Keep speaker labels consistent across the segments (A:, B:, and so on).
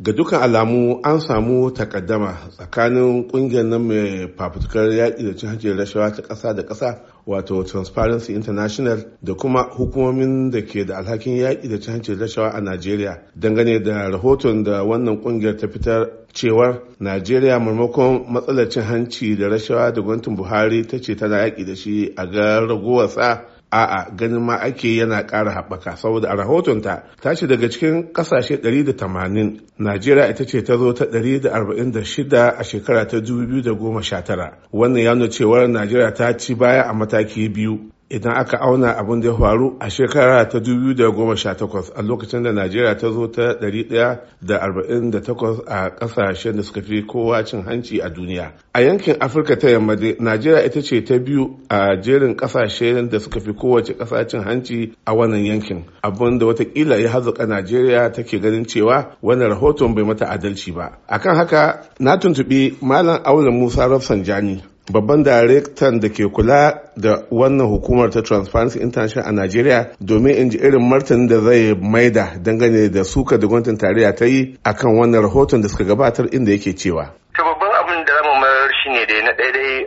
A: ga dukkan alamu an samu takaddama tsakanin kungiyar nan mai fafutukar yaƙi da cin hanci rashawa ta ƙasa da ƙasa wato transparency international da kuma hukumomin da ke da alhakin yaƙi da cin hanci rashawa a najeriya dangane da rahoton da wannan kungiyar ta fitar cewar najeriya maimakon matsalar cin hanci da rashawa da gwamnatin buhari ta ce tana yaƙi da shi a ga raguwarsa a'a ganin ma ake yana ƙara haɓaka saboda a rahotonta ta ce daga cikin ƙasashe 180 najeriya ita ce ta zo ta 146 a shekara ta 2019 wannan ya cewar najeriya ta ci baya a mataki biyu idan aka auna abin da ya faru a shekara ta 2018 a lokacin da najeriya ta zo ta 148 a kasashen da suka fi kowa cin hanci a duniya a yankin afirka ta yamma dai najeriya ita ce ta biyu a jerin kasashen da suka fi kowace kasa cin hanci a wannan yankin abin da watakila ya hazuka najeriya take ganin cewa wannan rahoton bai mata adalci ba akan haka na tuntubi malam Aure musa rafsanjani babban darektan da ke kula da wannan hukumar ta transparency international a nigeria domin in ji irin martanin da zai maida dangane da suka da gwamnatin tarayya ta yi akan wannan rahoton da suka gabatar inda yake cewa to babban abin
B: da zama marar shi ne da na daidai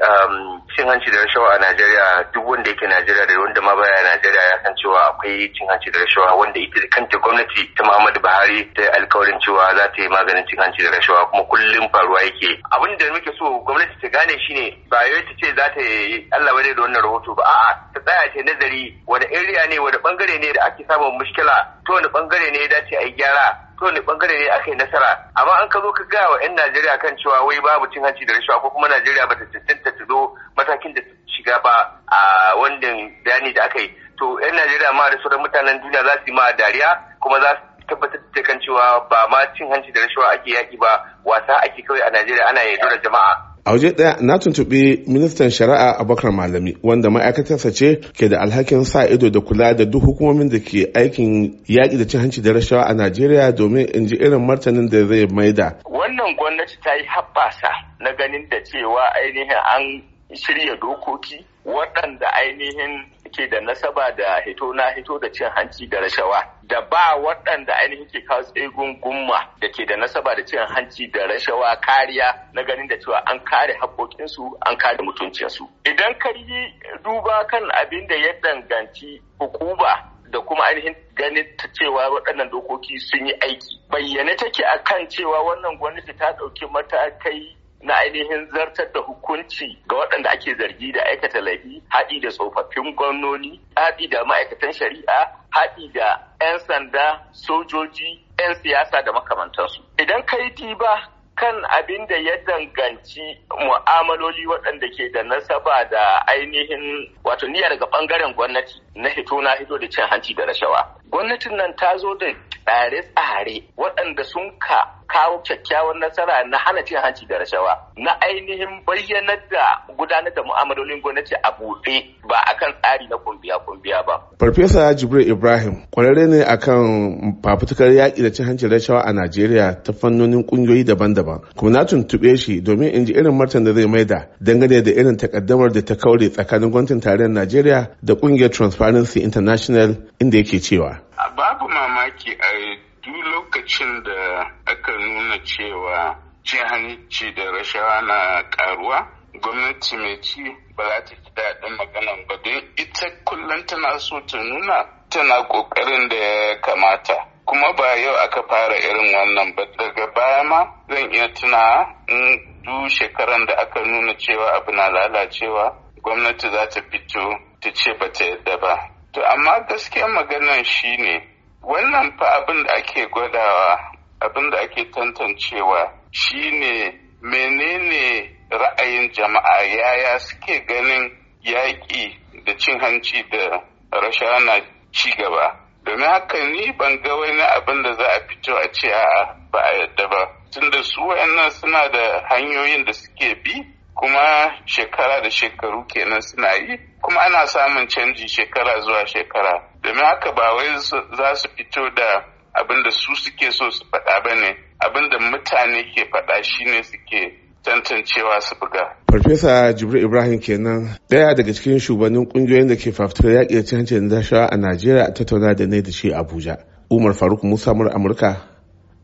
C: cin hanci da rashawa a Najeriya duk wanda yake Najeriya da wanda ma baya Najeriya ya san cewa akwai cin hanci da rashawa wanda ita da kanta gwamnati ta Muhammadu Buhari ta alkawarin cewa za ta yi maganin cin hanci da rashawa kuma kullum faruwa yake. Abin da muke so gwamnati ta gane shi ne, ba yau ta ce za ta yi Allah bane da wannan rahoto ba a'a ta tsaya ta nazari wani area ne wani bangare ne da ake samun mushkila to wani bangare ne ya dace a yi gyara to ne bangare ne aka yi nasara amma an ka zo ka gaya wa 'yan Najeriya kan cewa wai babu cin hanci da rashawa ko kuma Najeriya bata cancanta ta zo matakin da shiga ba a wannan bayani da aka yi to yan najeriya ma da sauran mutanen duniya za su yi ma dariya kuma za su tabbatar da kan cewa ba ma cin hanci da rashawa ake yaki ba
A: wasa ake kawai a najeriya ana yi da jama'a a waje ɗaya na tuntuɓi ministan shari'a abubakar malami wanda ma'aikatarsa ce ke da alhakin sa ido da kula da duk hukumomin da ke aikin yaƙi da cin hanci da rashawa a najeriya domin in ji irin martanin da zai maida wannan gwamnati ta yi haɓasa na ganin da cewa ainihin an
B: shirya dokoki waɗanda ainihin ke da nasaba da hito na hito da cin hanci da rashawa da ba waɗanda ainihin ke kawo tsegun gumma da ke da nasaba da cin hanci da rashawa kariya na ganin da cewa an kare haƙoƙinsu an kare mutuncinsu idan ka yi duba kan abin da ya danganci hukuma da kuma ainihin ganin cewa waɗannan dokoki sun yi aiki bayyane take akan cewa wannan gwamnati ta ɗauki matakai na ainihin zartar da hukunci ga waɗanda ake zargi da aikata laifi haɗi da tsofaffin gwamnoni haɗi da ma'aikatan shari'a haɗi da 'yan sanda sojoji 'yan siyasa da makamantansu idan ka yi diba kan abin da ya danganci mu'amaloli waɗanda ke da nasaba da ainihin wato niyya daga ɓangaren gwamnati na hito na hito da cin hanci da rashawa gwamnatin nan ta zo da tsare-tsare waɗanda sun ka kawo kyakkyawar nasara na hana cin hanci da rashawa na ainihin bayyanar da gudanar da mu'amalolin gwamnati a buɗe ba akan tsari na kumbiya kumbiya ba.
A: Farfesa Jibril Ibrahim kwararre ne akan fafutukar yaƙi da cin hanci rashawa a Najeriya ta fannonin ƙungiyoyi daban-daban. Kuma na tuntuɓe shi domin in ji irin martan da zai maida dangane da irin takaddamar da ta kaure tsakanin gwamnatin tarayyar Najeriya da ƙungiyar Transparency International inda yake cewa. Babu mamaki a duk lokacin da aka nuna cewa jihanci da rashawa na karuwa gwamnati mai
D: ci ba za ta daɗin maganan ba don ita kullum tana so ta nuna tana ƙoƙarin da ya kamata kuma ba yau aka fara irin wannan ba daga baya ma zan iya tuna in duk shekaran da aka nuna cewa abu na lalacewa gwamnati za ta fito ta ce ba ta yadda ba to amma gaskiyar maganan shine Wannan fa abin da ake gwadawa, abin da ake tantancewa shine menene ra'ayin jama'a yaya suke ganin yaƙi da cin hanci da rashana na ci gaba. Domin haka ni ban ga wani abin da za a fito a ce a'a ba a yadda ba. Tunda su wayannan suna da hanyoyin da suke bi kuma shekara da shekaru kenan suna yi kuma ana samun canji shekara zuwa shekara domin haka ba wai za su fito da abin da su suke so su faɗa ba ne
A: abin da mutane ke faɗa shine suke tantancewa su buga. Farfesa Jibril Ibrahim kenan daya daga cikin shugabannin kungiyoyin da ke fafitar yaƙi da da rashawa a Najeriya a tattauna da ne da shi Abuja. Umar Faruk Musa Amurka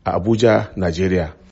A: a Abuja, Najeriya.